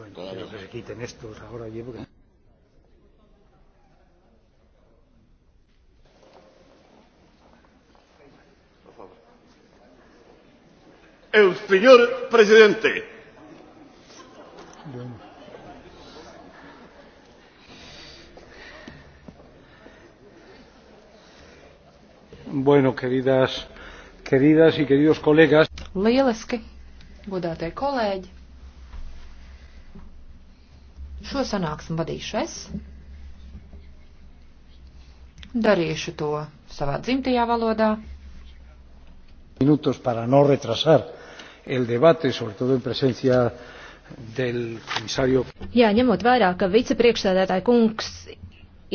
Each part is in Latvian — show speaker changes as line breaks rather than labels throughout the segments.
Bueno, Todavía. pero que se quiten estos ahora allí porque...
El señor presidente. Bueno.
Bueno, queridas, queridas y queridos colegas. Lieliski, godātie kolēģi. Šo sanāksmu vadīšu es. Darīšu to savā dzimtajā valodā. Minutos para no retrasar el debate, sobre todo en presencia del comisario.
Jā, ņemot vērā, ka vicepriekšsēdētāja kungs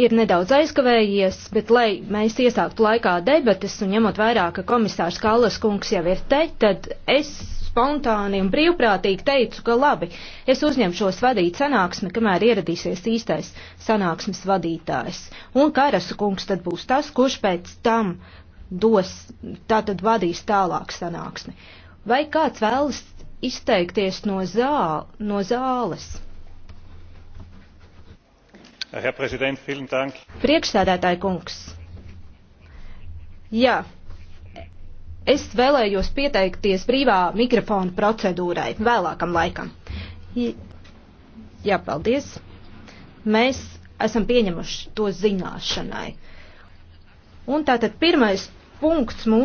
ir nedaudz aizkavējies, bet lai mēs iesāktu laikā debatas un ņemot vairāk, ka komisārs Kallas kungs jau ir te, tad es spontāni un brīvprātīgi teicu, ka labi, es uzņemšos vadīt sanāksmi, kamēr ieradīsies īstais sanāksmes vadītājs. Un Karasu kungs tad būs tas, kurš pēc tam dos, tātad vadīs tālāk sanāksmi. Vai kāds vēlas izteikties no, zāl, no zāles? Priekšsēdētāji kungs. Jā. Ja. Es vēlējos pieteikties brīvā mikrofona procedūrai vēlākam laikam. Jā, paldies. Mēs esam pieņemuši to zināšanai. Un tātad pirmais punkts mūsu.